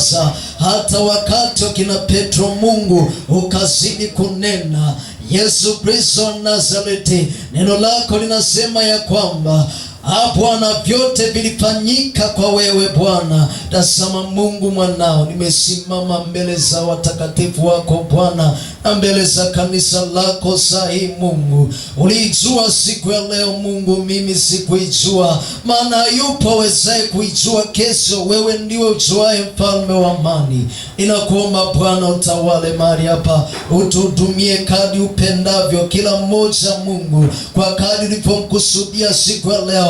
sasa, hata wakati wakina Petro Mungu ukazidi kunena. Yesu Kristo Nazareti, neno lako linasema ya kwamba Ah, Bwana, vyote vilifanyika kwa wewe Bwana. Tazama Mungu mwanao, nimesimama mbele za watakatifu wako Bwana na mbele za kanisa lako sahi. Mungu uliijua siku ya leo, Mungu mimi sikuijua, maana yupo wezaye kuijua kesho. Wewe ndiwe ujuaye, mfalme wa amani. Ninakuomba Bwana, utawale mahali hapa, utuhudumie kadi upendavyo kila mmoja Mungu, kwa kadi ulipomkusudia siku ya leo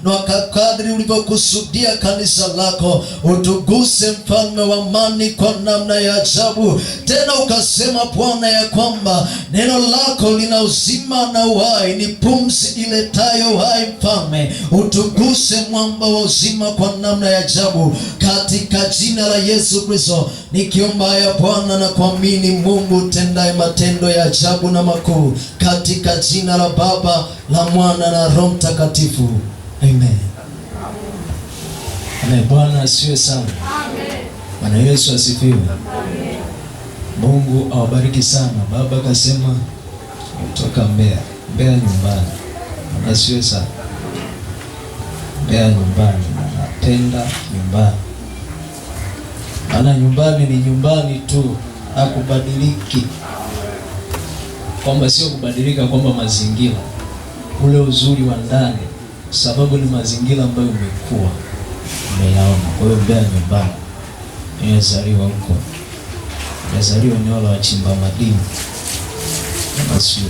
na kadri ulivyokusudia kanisa lako, utuguse mfalme wa amani kwa namna ya ajabu. Tena ukasema Bwana ya kwamba neno lako lina uzima na uhai, ni pumzi iletayo uhai. Mfalme, utuguse mwamba wa uzima kwa namna ya ajabu, katika jina la Yesu Kristo nikiomba haya Bwana na kuamini, Mungu tendaye matendo ya ajabu na makuu, katika jina la Baba la Mwana na Roho Mtakatifu. Amen. Amen. Bwana asiwe sana. Amen. Bwana Yesu asifiwe. Amen. Mungu awabariki sana. Baba akasema kutoka Mbeya, Mbeya nyumbani. Bwana asiwe sana. Mbeya nyumbani, napenda nyumbani. Maana nyumbani ni nyumbani tu, hakubadiliki. Kwamba sio kubadilika kwamba mazingira, ule uzuri wa ndani sababu ni mazingira ambayo umekuwa umeyaona. Kwa hiyo Mbeya nyumbani, nimezaliwa huko, nimezaliwa eneo la wachimba madini Masio.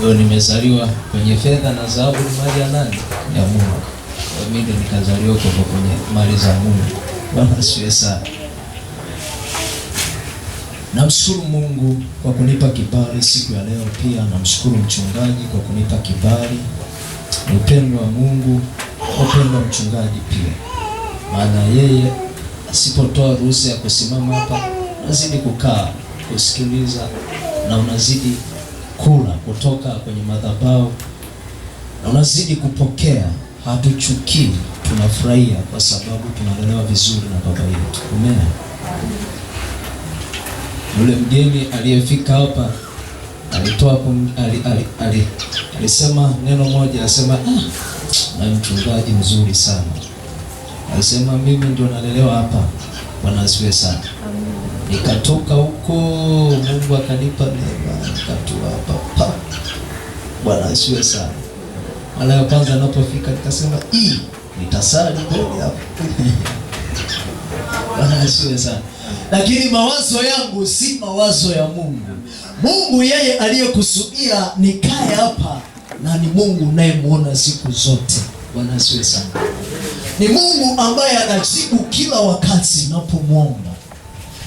Kwa nimezaliwa kwenye fedha na dhahabu, ni mali ya nani? Ya Mungu. Kwa mimi ndo nikazaliwa huko kwenye mali za Mungu. Bwana asifiwe sana. Namshukuru Mungu kwa kunipa kibali siku ya leo. Pia namshukuru mchungaji kwa kunipa kibali, upendo wa Mungu, upendo wa mchungaji pia, maana yeye asipotoa ruhusa ya kusimama hapa, unazidi kukaa kusikiliza, na unazidi kula kutoka kwenye madhabahu, na unazidi kupokea. Hatuchukii, tunafurahia kwa sababu tunalelewa vizuri na baba yetu. Amen. Yule mgeni aliyefika hapa alitoa ali, ali, ali, alisema neno moja, alisema ah, na mchungaji mzuri sana. Alisema mimi ndio nalelewa hapa. Bwana asifiwe sana. Nikatoka huko, Mungu akanipa neema, nikatua hapa pa. Bwana asifiwe sana. Mara ya kwanza ninapofika nikasema hii nitasali kweli hapa. Bwana asifiwe sana lakini mawazo yangu si mawazo ya Mungu. Mungu yeye aliyekusudia nikae hapa na ni Mungu unayemwona siku zote. Bwana asiwe sana. Ni Mungu ambaye anajibu kila wakati napomwomba.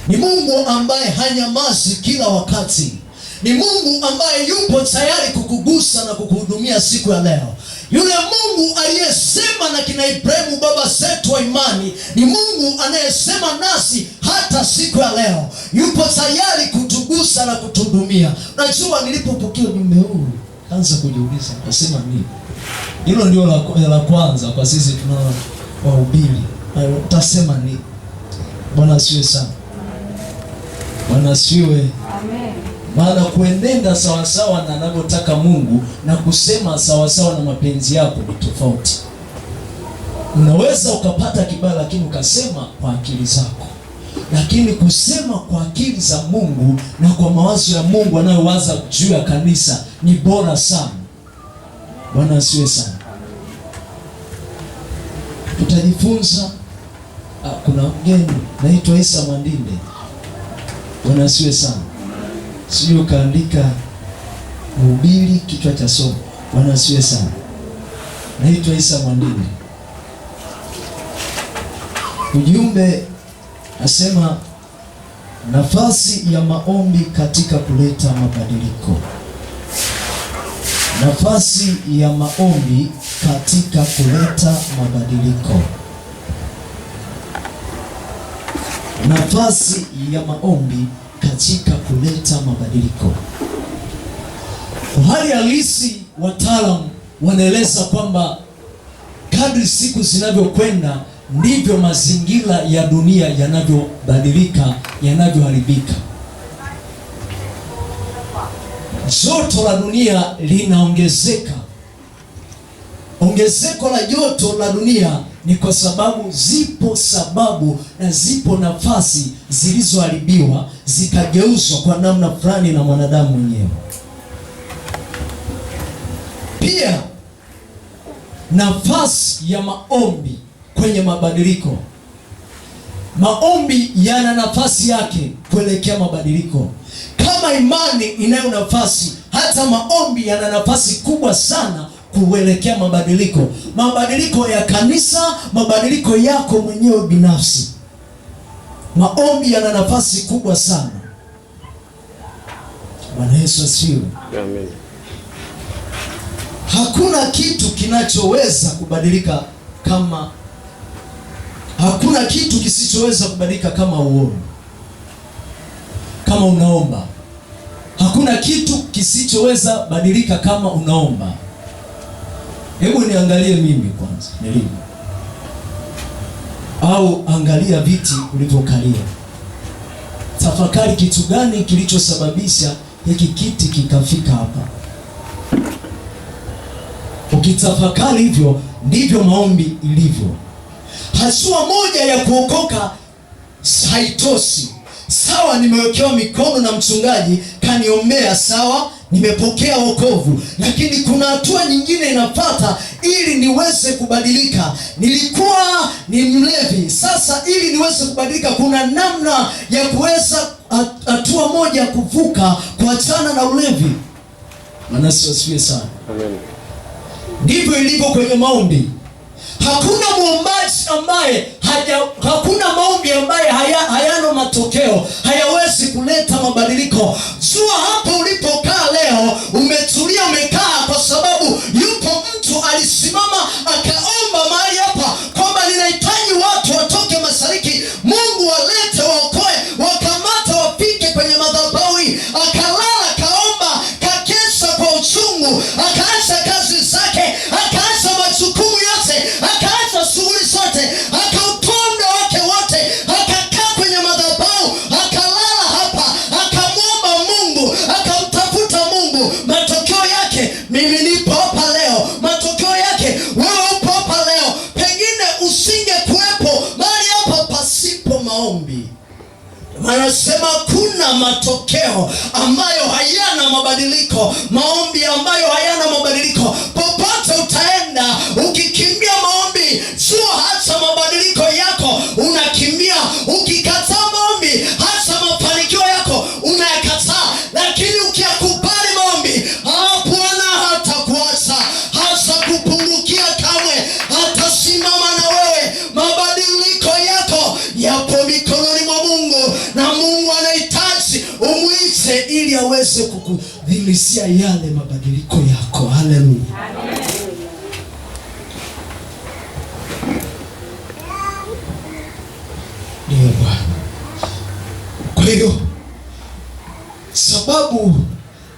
Ni Mungu ambaye hanyamazi kila wakati. Ni Mungu ambaye yupo tayari kukugusa na kukuhudumia siku ya leo. Yule Mungu aliyesema na kina Ibrahimu baba zetu wa imani ni Mungu anayesema nasi hata siku ya leo, yupo tayari kutugusa na kutuhudumia. najua nilipopokea ujumbe huu kaanza kujiuliza, kasema nini? Hilo ndio la, la kwanza kwa sisi tunao waubili utasema nini? Bwana asiwe sana, Bwana asiwe. Amen maana kuenenda sawasawa na anavyotaka Mungu na kusema sawasawa na mapenzi yako ni tofauti. Unaweza ukapata kibali, lakini ukasema kwa akili zako, lakini kusema kwa akili za Mungu na kwa mawazo ya Mungu anayowaza juu ya kanisa ni bora sana. Bwana asiwe sana. Tutajifunza. Ah, kuna mgeni naitwa Isa mandinde Bwana asiwe sana sio kaandika mhubiri kichwa cha somo. Bwana asiwe sana. Naitwa Isa Mwandini. Ujumbe nasema nafasi ya maombi katika kuleta mabadiliko. Nafasi ya maombi katika kuleta mabadiliko. Nafasi ya maombi katika kuleta mabadiliko. Kwa hali halisi, wataalamu wanaeleza kwamba kadri siku zinavyokwenda ndivyo mazingira ya dunia yanavyobadilika, yanavyoharibika. Joto la dunia linaongezeka. Ongezeko la joto la dunia ni kwa sababu zipo sababu na zipo nafasi zilizoharibiwa zikageuzwa kwa namna fulani na mwanadamu mwenyewe. Pia nafasi ya maombi kwenye mabadiliko, maombi yana nafasi yake kuelekea mabadiliko. Kama imani inayo nafasi, hata maombi yana nafasi kubwa sana kuelekea mabadiliko, mabadiliko ya kanisa, mabadiliko yako mwenyewe binafsi. Maombi yana nafasi kubwa sana. Bwana Yesu asifiwe. Amen. Hakuna kitu kinachoweza kubadilika kama hakuna kitu kisichoweza kubadilika kama uono, kama unaomba. Hakuna kitu kisichoweza badilika kama unaomba. Hebu niangalie mimi kwanza nilipo, au angalia viti ulivyokalia. Tafakari kitu gani kilichosababisha hiki kiti kikafika hapa. Ukitafakari hivyo, ndivyo maombi ilivyo. Hatua moja ya kuokoka haitoshi. Sawa, nimewekewa mikono na mchungaji kaniombea, sawa nimepokea wokovu, lakini kuna hatua nyingine inapata ili niweze kubadilika. Nilikuwa ni mlevi, sasa ili niweze kubadilika, kuna namna ya kuweza hatua moja kuvuka, kuachana na ulevi. wasiwe sana. Ndivyo ilivyo kwenye maombi. Hakuna mwombaji ambaye haja, hakuna maombi ambaye haya, hayana matokeo, hayawezi kuleta mabadiliko. Jua hapo ulipokaa leo, umetulia umekaa, kwa sababu yupo mtu alisimama akaomba mahali matokeo ambayo hayana mabadiliko, maombi ambayo hayana mabadiliko. kupitia yale mabadiliko yako. Haleluya! Ndiyo Bwana. Kwa hiyo sababu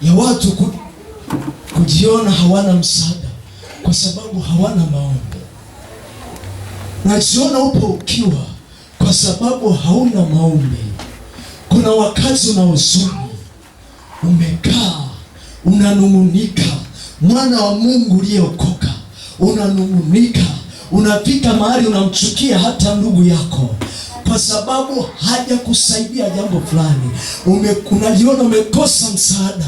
ya watu ku, kujiona hawana msaada kwa sababu hawana maombi, najiona upo ukiwa kwa sababu hauna maombi. Kuna wakati una huzuni umekaa unanung'unika, mwana wa Mungu uliyeokoka unanung'unika, unapita mahali unamchukia hata ndugu yako kwa sababu hajakusaidia jambo fulani, unajiona umekosa msaada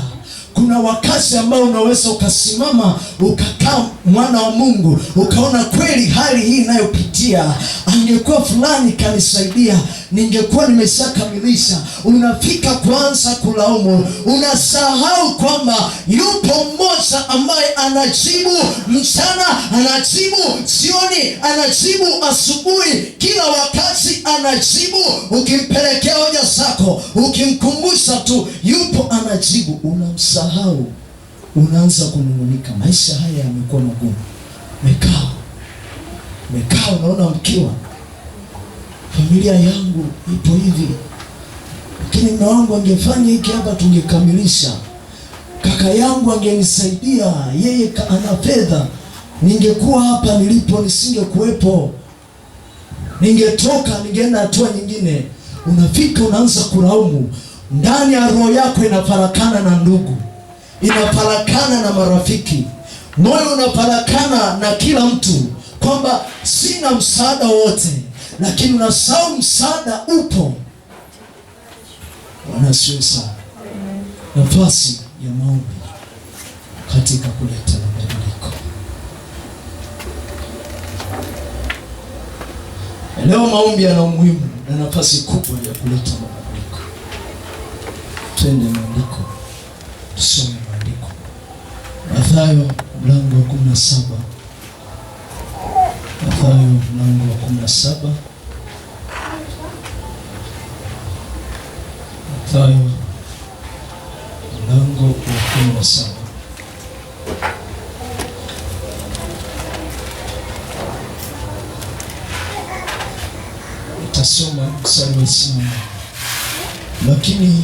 kuna wakati ambao unaweza ukasimama ukakaa, mwana wa Mungu, ukaona kweli hali hii inayopitia, angekuwa fulani kanisaidia, ningekuwa nimeshakamilisha. Unafika kuanza kulaumu, unasahau kwamba yupo mmoja ambaye anajibu mchana, anajibu jioni, anajibu asubuhi, kila wakati anajibu. Ukimpelekea hoja zako, ukimkumbusha tu, yupo anajibu, unamsa unasahau, unaanza kunungunika, maisha haya yamekuwa magumu. Mekaa mekaa, unaona mkiwa, familia yangu ipo hivi, lakini mume wangu angefanya hiki hapa, tungekamilisha. Kaka yangu angenisaidia, yeye ana fedha, ningekuwa hapa nilipo, nisingekuwepo, ningetoka, ningeenda hatua nyingine. Unafika unaanza kulaumu ndani ya roho yako, inafarakana na ndugu inaparakana na marafiki, moyo unaparakana na kila mtu kwamba sina msaada wote, lakini unasahau msaada upo. Bwana sana. Nafasi ya maombi katika kuleta mabadiliko. Leo maombi yana umuhimu na nafasi kubwa ya kuleta mabadiliko. Twende maandiko tusome. Mathayo mlango wa kumi na saba Mathayo mlango wa kumi na saba Mathayo mlango wa kumi na saba itasoma msalimu wa lakini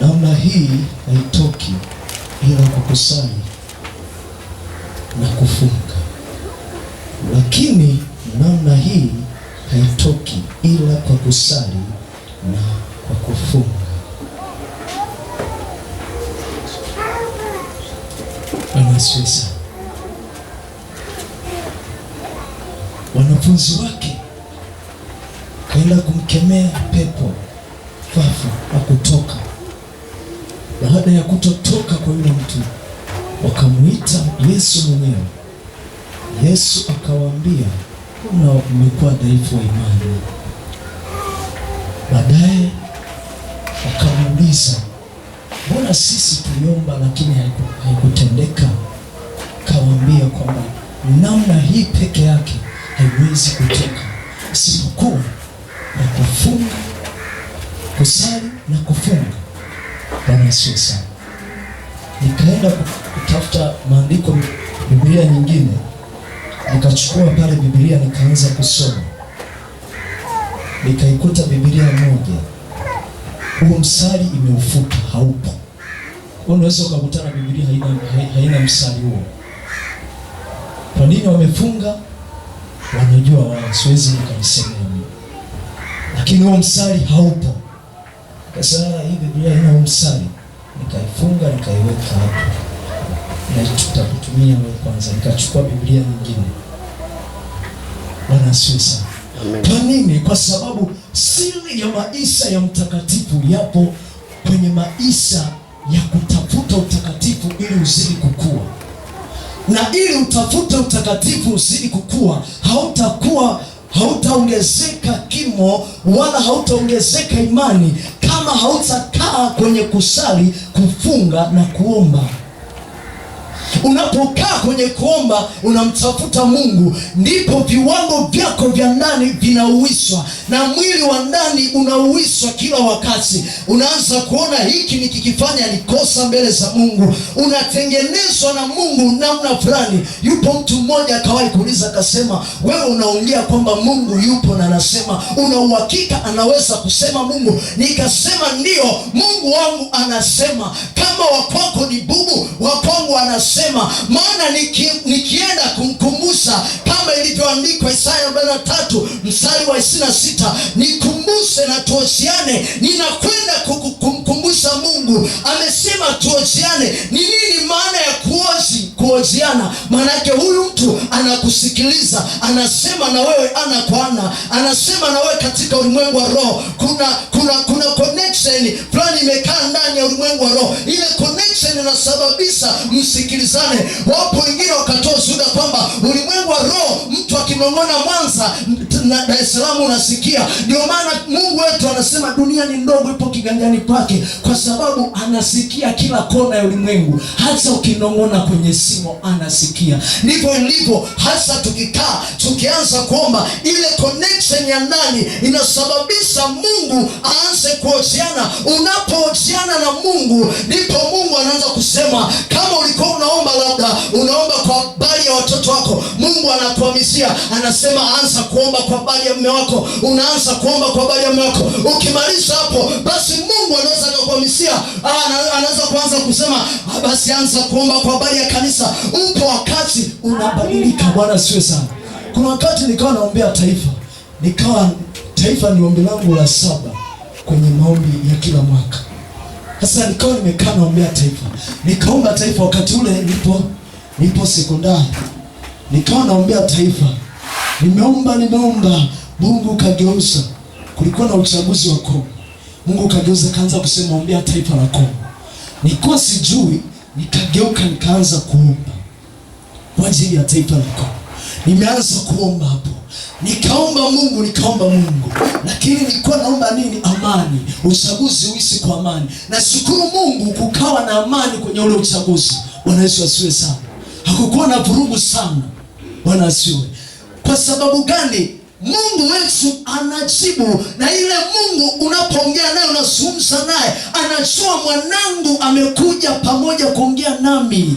namna hii haitoki ila kusali na kufunga, lakini namna hii haitoki ila kwa kusali na kwa kufunga. Anasweza wanafunzi wake kaenda kumkemea pepo fafu akutoka baada ya kutoka kutoka kwa yule mtu wakamwita Yesu mwenyewe. Yesu akawaambia una umekuwa dhaifu wa imani. Baadaye wakamuuliza mbona sisi tuliomba lakini haikutendeka? Kawaambia kwamba namna hii peke yake haiwezi kutoka isipokuwa na kufunga, kusali na kufunga. Bwana Yesu sana nikaenda kutafuta maandiko Biblia nyingine, nikachukua pale Biblia nikaanza kusoma, nikaikuta Biblia moja, huo msali imeufuta, haupo. Unaweza ukakutana Biblia haina, haina msali huo. Kwa nini? Wamefunga, wanajua wao, siwezi nikaisemea mimi, lakini huo msali haupo. Sasa ah, hii Biblia haina huo msali nikaiweka hapo, na tutakutumia wewe kwanza. Nikachukua Biblia nyingine. Bwana asiwe sana. Kwa nini? Kwa sababu siri ya maisha ya mtakatifu yapo kwenye maisha ya kutafuta utakatifu ili uzidi kukua, na ili utafute utakatifu uzidi kukua hautakuwa hautaongezeka kimo wala hautaongezeka imani kama hautakaa kwenye kusali, kufunga na kuomba. Unapokaa kwenye kuomba, unamtafuta Mungu, ndipo viwango vyako vya ndani vinauwiswa na mwili wa ndani unauwiswa kila wakati. Unaanza kuona hiki nikikifanya ni kosa mbele za Mungu, unatengenezwa na Mungu namna fulani. Yupo mtu mmoja akawahi kuuliza akasema, wewe unaongea kwamba Mungu yupo na anasema una uhakika anaweza kusema Mungu? Nikasema ndiyo, Mungu wangu anasema. Kama wakwako ni bubu, wakwangu anasema mema, maana niki, nikienda kumkumbusha kama ilivyoandikwa Isaya 43 mstari wa 26, nikumbushe na tuosiane, ninakwenda kumkumbusha Mungu. Amesema tuosiane. Ni nini maana ya kuozi? kuojiana. Maanake huyu mtu anakusikiliza, anasema na wewe ana kwa ana, anasema na wewe katika ulimwengu wa roho. Kuna kuna kuna connection fulani imekaa ndani ya ulimwengu wa roho, ile connection inasababisha msikilizane. Wapo wengine wakatoa ushuhuda kwamba ulimwengu wa roho, mtu akinong'ona Mwanza na Dar es Salaam unasikia. Ndio maana Mungu wetu anasema dunia ni ndogo, ipo kiganjani pake, kwa sababu anasikia kila kona ya ulimwengu, hata ukinong'ona kwenye simo anasikia. Ndivyo ilivyo hasa, tukikaa tukianza kuomba, ile connection ya ndani inasababisha Mungu aanze kuojiana. Unapohojiana na Mungu, ndipo Mungu anaanza kusema. Kama ulikuwa unaomba labda unaomba kwa bali ya watoto wako, Mungu anakuamisia anasema anza kuomba kwa bali ya mme wako. Unaanza kuomba kwa bali ya mme wako, ukimaliza hapo basi Mungu anaweza akakuhamisia, anaweza kuanza kusema ah, basi, anza kuomba kwa bali ya kanisa kabisa. Upo wakati unabadilika. Bwana siwe sana. Kuna wakati nikawa naombea taifa, nikawa taifa ni ombi langu la saba kwenye maombi ya kila mwaka. Sasa nikawa nimekaa naombea taifa, nikaomba taifa wakati ule nipo nipo sekondari, nikawa naombea taifa, nimeomba nimeomba, Mungu kageuza. Kulikuwa na uchaguzi wa Kongo, Mungu kageuza, kaanza kusema ombea taifa la Kongo. Nilikuwa sijui nikageuka nikaanza kuomba kwa ajili ya taifa lako. Nimeanza kuomba hapo, nikaomba Mungu, nikaomba Mungu, lakini nilikuwa naomba nini? Amani, uchaguzi uisi kwa amani. Nashukuru Mungu, kukawa na amani kwenye ule uchaguzi. Bwana Yesu asiwe sana, hakukuwa na vurugu sana. Bwana asiwe. Kwa sababu gani? Mungu wetu anajibu, na ile Mungu unapoongea naye, unazungumza naye, anajua mwanangu amekuja pamoja kuongea nami.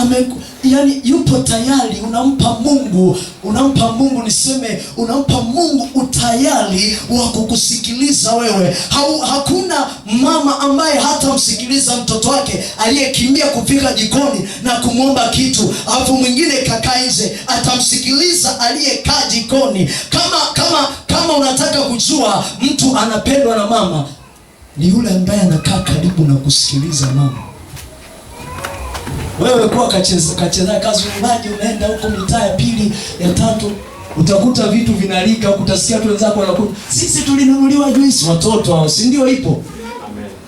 Ameku, yani yupo tayari. Unampa Mungu, unampa Mungu, niseme unampa Mungu utayari wa kukusikiliza wewe. Ha, hakuna mama ambaye hatamsikiliza mtoto wake aliyekimbia kufika jikoni na kumwomba kitu, alafu mwingine kakaa nje, atamsikiliza aliyekaa jikoni. Kama kama kama unataka kujua mtu anapendwa na mama, ni yule ambaye anakaa karibu na kusikiliza mama. Wewe kuwa kacheza kacheza kazumbaji, unaenda huko mitaa ya pili ya tatu, utakuta vitu vinalika, utasikia watu wenzako wanakunywa. Sisi tulinunuliwa juisi, watoto hao, si ndio? Ipo,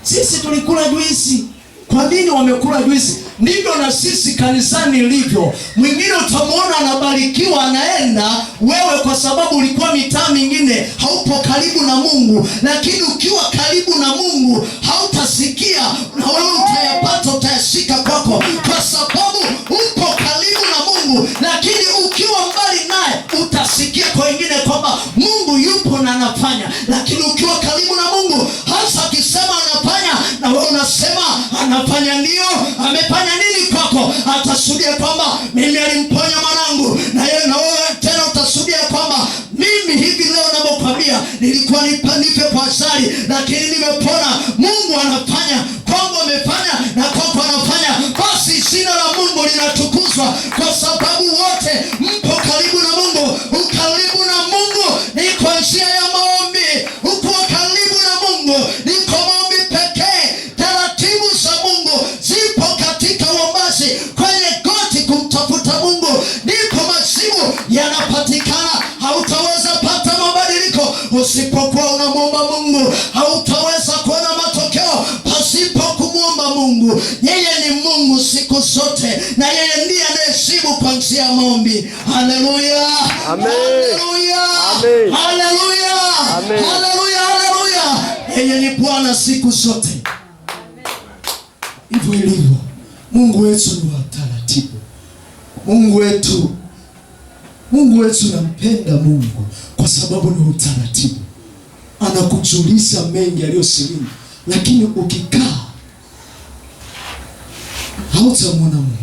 sisi tulikula juisi. Kwa nini wamekula juisi? Ndivyo na sisi kanisani ilivyo. Mwingine utamwona anabarikiwa, anaenda, wewe kwa sababu ulikuwa mitaa mingine, haupo karibu na Mungu, lakini ukiwa karibu na Mungu hautasikia na wewe utayapata, utayashika kwako, kwa sababu upo karibu na Mungu, lakini ukiwa mbali naye utasikia kwa wengine kwamba Mungu yupo na anafanya, lakini ukiwa karibu na Mungu hasa akisema anafanya, na wewe unasema anafanya ndio, amefanya nini kwako, atasudia kwamba mimi alimponya mwanangu, na yeye na wewe tena utasudia kwamba mimi hivi leo navyokwambia, nilikuwa nipe kwa asari lakini nimepona. Mungu anafanya kwangu, amefanya na kwako anafanya. Basi jina la Mungu linatukuzwa kwa sababu wote mpo karibu na za Mungu ndiko majibu yanapatikana. Hautaweza pata mabadiliko usipokuwa unamwomba Mungu, hautaweza kuona matokeo pasipo kumwomba Mungu. Yeye ni Mungu siku zote, na yeye ndiye anayejibu kwa njia ya maombi. Haleluya, haleluya, haleluya, haleluya! Yeye ni Bwana siku zote, ndivyo ilivyo. Mungu wetu Mungu wetu, Mungu wetu nampenda Mungu kwa sababu ni utaratibu, anakujulisha mengi aliyosilimu, lakini ukikaa hautamwona Mungu.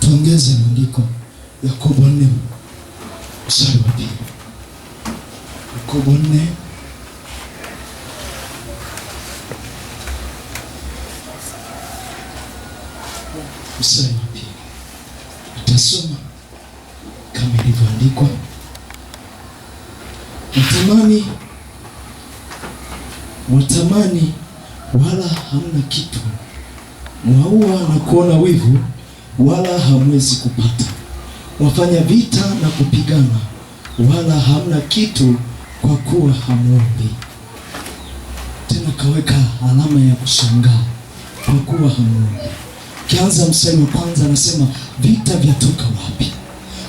Tuongeze maandiko Yakobo nne mstari wa pili. Yakobo nne mstari mwatamani, watamani wala hamna kitu, mwaua na kuona wivu wala hamwezi kupata, wafanya vita na kupigana wala hamna kitu, kwa kuwa hamwombi. Tena kaweka alama ya kushangaa kwa kuwa hamwombi. Kianza mstari wa kwanza anasema vita vyatoka wapi?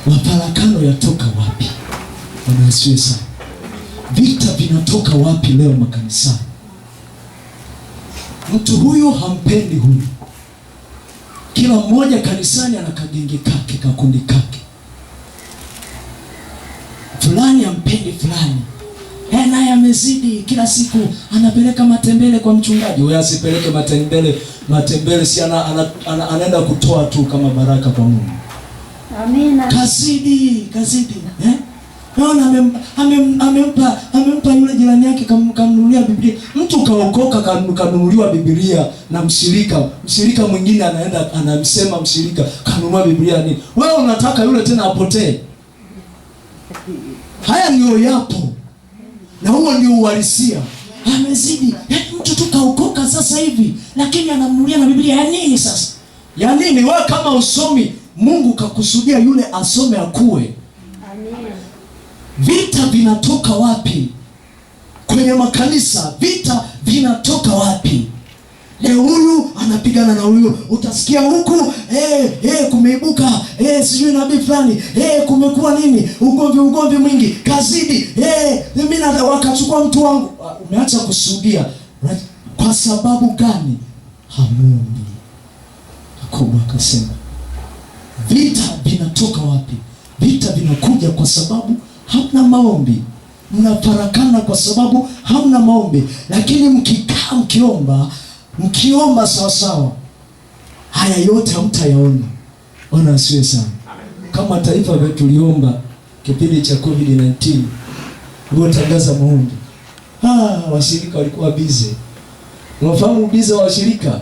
Mafarakano yatoka wapi? Bwana asifiwe sana. Vita vinatoka wapi leo makanisani? Mtu huyu hampendi huyu, kila mmoja kanisani ana kagenge kake, kakundi kake, fulani hampendi fulani naye amezidi, kila siku anapeleka matembele kwa mchungaji. Wewe asipeleke matembele, matembele si ana, ana, ana, anaenda kutoa tu kama baraka kwa Mungu. Amina. Kazidi, kazidi Bwana amempa amempa yule jirani yake kamnunulia Biblia. Mtu kaokoka kanunuliwa Biblia na mshirika. Mshirika mwingine anaenda anamsema mshirika kanunua Biblia nini? Wewe unataka yule tena apotee? Haya ndiyo yapo. Na huo ndio uhalisia. Amezidi. Yaani mtu tu kaokoka sasa hivi lakini anamnunulia na Biblia ya nini sasa? Ya nini wewe kama usomi Mungu kakusudia yule asome akue. Amina. Vita vinatoka wapi? Kwenye makanisa vita vinatoka wapi? Leo huyu anapigana na huyu, utasikia huku hey, eh, eh, hey, kumeibuka hey, eh, sijui nabii fulani hey, kumekuwa nini, ugomvi ugomvi mwingi kazidi eh, mimi wakachukua mtu wangu. Ah, umeacha kushuhudia kwa sababu gani? Hamuombi. Yakobo akasema vita vinatoka wapi? Vita vinakuja kwa sababu hamna maombi, mnafarakana kwa sababu hamna maombi. Lakini mkikaa mkiomba, mkiomba sawasawa, haya yote hamtayaona. Bwana asiwe sana kama taifa vya tuliomba kipindi cha COVID-19 uliotangaza maombi ah, washirika walikuwa bize. Unafahamu bize wa washirika,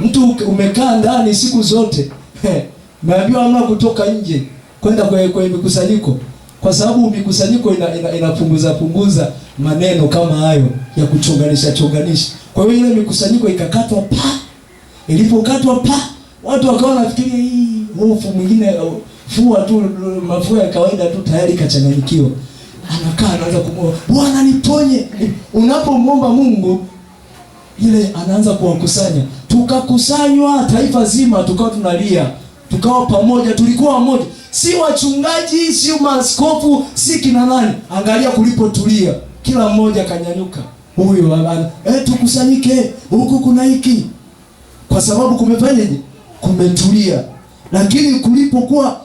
mtu umekaa ndani siku zote, umeambiwa hamna kutoka nje kwenda kwenye mikusanyiko kwa sababu mikusanyiko inapunguza ina, ina punguza maneno kama hayo ya kuchonganisha chonganisha. Kwa hiyo ile mikusanyiko ikakatwa pa, ilipokatwa pa, watu wakawa nafikiria hii hofu mwingine fua tu mafua ya kawaida tu tayari kachanganyikiwa, anakaa anaanza kumwomba Bwana niponye. Unapomwomba Mungu ile anaanza kuwakusanya, tukakusanywa taifa zima, tukawa tunalia tukawa pamoja, tulikuwa wamoja, si wachungaji, si maaskofu, si kina nani. Angalia kulipotulia, kila mmoja kanyanyuka, huyo baba, e, eh, tukusanyike huku, kuna hiki, kwa sababu kumefanyaje, kumetulia. Lakini kulipokuwa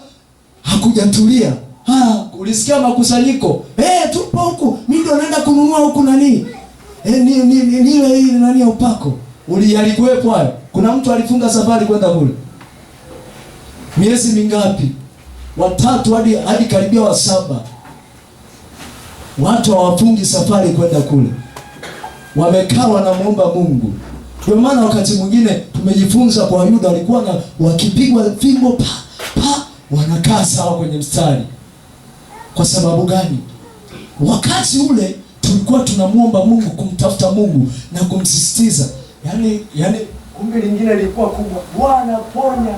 hakujatulia ha, ulisikia makusanyiko e, tupo huku, mi ndo naenda kununua huku nani, e, ni ni ni nani ya upako ulialikuwepo hayo. Kuna mtu alifunga safari kwenda kule miezi mingapi? Watatu hadi hadi karibia wa saba. Watu hawafungi safari kwenda kule, wamekaa wanamuomba Mungu. Ndio maana wakati mwingine tumejifunza kwa Yuda, walikuwa wakipigwa fimbo pa pa, wanakaa sawa kwenye mstari. Kwa sababu gani? Wakati ule tulikuwa tunamwomba Mungu, kumtafuta Mungu na kumsisitiza, yani yani, kumbe lingine lilikuwa kubwa, Bwana ponya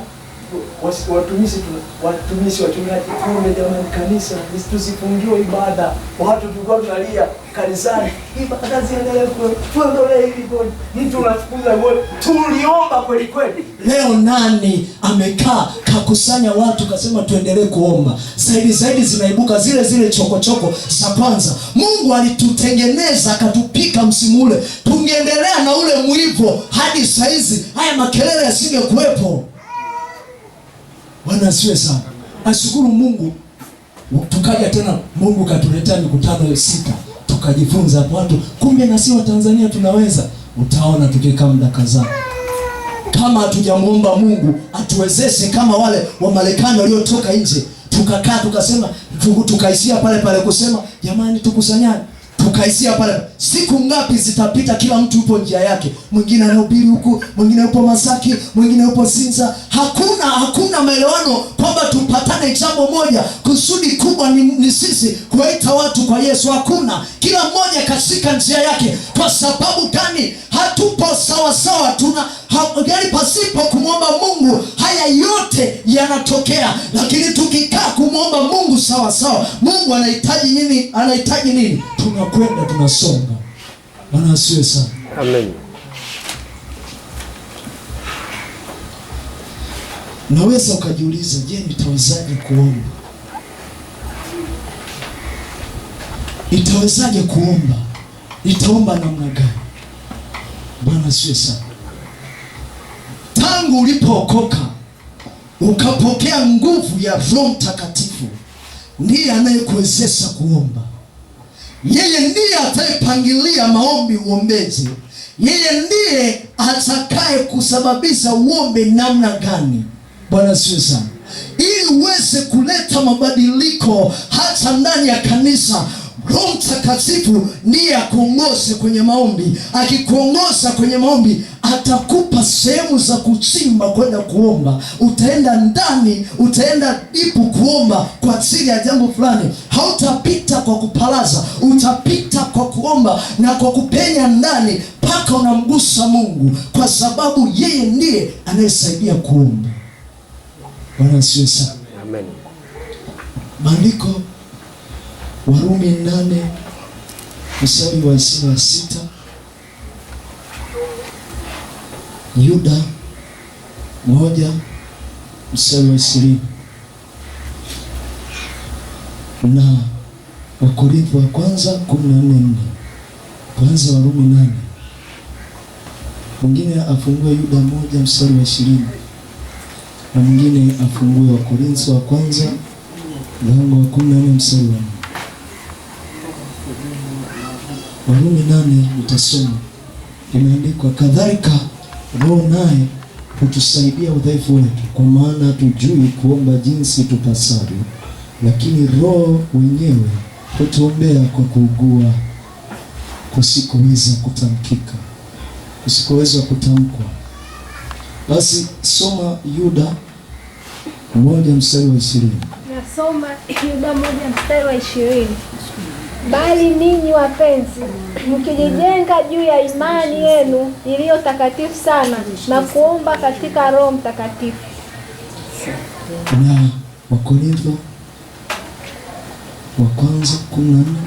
watumishi watumishi wachungaji, kumbe jamani, kanisa tusifungiwe ibada. Watu tulikuwa tunalia kanisani, ibada ziendelee, tuondolee hili bodi, mtu unafukuza bodi. Tuliomba kweli kweli. Leo nani amekaa kakusanya watu kasema tuendelee kuomba zaidi zaidi? Zinaibuka zile zile chokochoko za kwanza. Mungu alitutengeneza akatupika msimu ule, tungeendelea na ule mwivo hadi saizi, haya makelele yasingekuwepo. Bwana asiwe sana. Nashukuru Mungu tukaja tena, Mungu katuletea mikutano sita tukajifunza kwa watu, kumbe na sisi Tanzania tunaweza. Utaona tukikaa muda kadhaa kama hatujamuomba Mungu atuwezeshe kama wale wa Marekani waliotoka nje, tukakaa tukasema, tukaishia pale pale kusema jamani, tukusanyane ukaisia pale. Siku ngapi zitapita? Kila mtu yupo njia yake, mwingine anahubiri huku, mwingine yupo Masaki, mwingine yupo Sinza. Hakuna hakuna maelewano kwamba tupatane jambo moja. Kusudi kubwa ni, ni sisi kuwaita watu kwa Yesu. Hakuna, kila mmoja kashika njia yake. Kwa sababu gani? Hatupo sawasawa sawa, tuna yaani pasipo kumwomba Mungu haya yote yanatokea, lakini tukikaa kumwomba Mungu sawasawa sawa. Mungu anahitaji nini? Anahitaji nini? tunakwenda tunasonga. Bwana asiwe sana. Amen. Naweza ukajiuliza, je, nitawezaje kuomba? Nitawezaje kuomba? Nitaomba namna gani? Bwana asiwe sana. Tangu ulipookoka ukapokea nguvu ya Roho Mtakatifu, ndiye anayekuwezesha kuomba. Yeye ndiye atayepangilia maombi uombezi. Yeye ndiye atakaye kusababisha uombe namna gani. Bwana siwe sana, ili uweze kuleta mabadiliko hata ndani ya kanisa. Roho Mtakatifu ndiye akuongoze kwenye maombi. Akikuongoza kwenye maombi, atakupa sehemu za kuchimba kwenda kuomba. Utaenda ndani, utaenda dipu kuomba kwa ajili ya jambo fulani. Hautapita kwa kupalaza, utapita kwa kuomba na kwa kupenya ndani mpaka unamgusa Mungu, kwa sababu yeye ndiye anayesaidia kuomba. Bwana asifiwe sana. Amen. Maandiko Warumi nane mstari wa ishirini na sita Yuda moja mstari wa ishirini na Wakorintho wa kwanza kumi na nne kwanza Warumi nane mwingine afungue Yuda moja mstari wa ishirini na mwingine afungue Wakorintho wa kwanza mlango wa kumi na nne mstari wa Warumi nane utasoma imeandikwa, kadhalika Roho naye hutusaidia udhaifu wetu, kwa maana hatujui kuomba jinsi tupasavyo, lakini Roho wenyewe hutuombea kwa kuugua kusikoweza kutamkika, kusikoweza kutamkwa. Basi soma Yuda moja mstari wa ishirini. Nasoma Yuda moja mstari wa ishirini. Bali ninyi wapenzi, mkijijenga juu ya imani yenu iliyo takatifu sana na kuomba katika Roho Mtakatifu. Na Wakorintho wa kwanza kumi na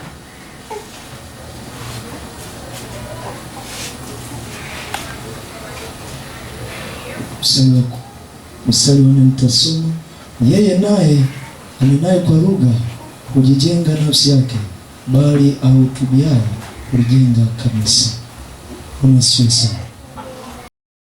nne mstari wa nne mtasoma, yeye naye anenaye kwa lugha hujijenga nafsi yake bali au autubiaye hulijenga kanisa. Bwana asifiwe sana.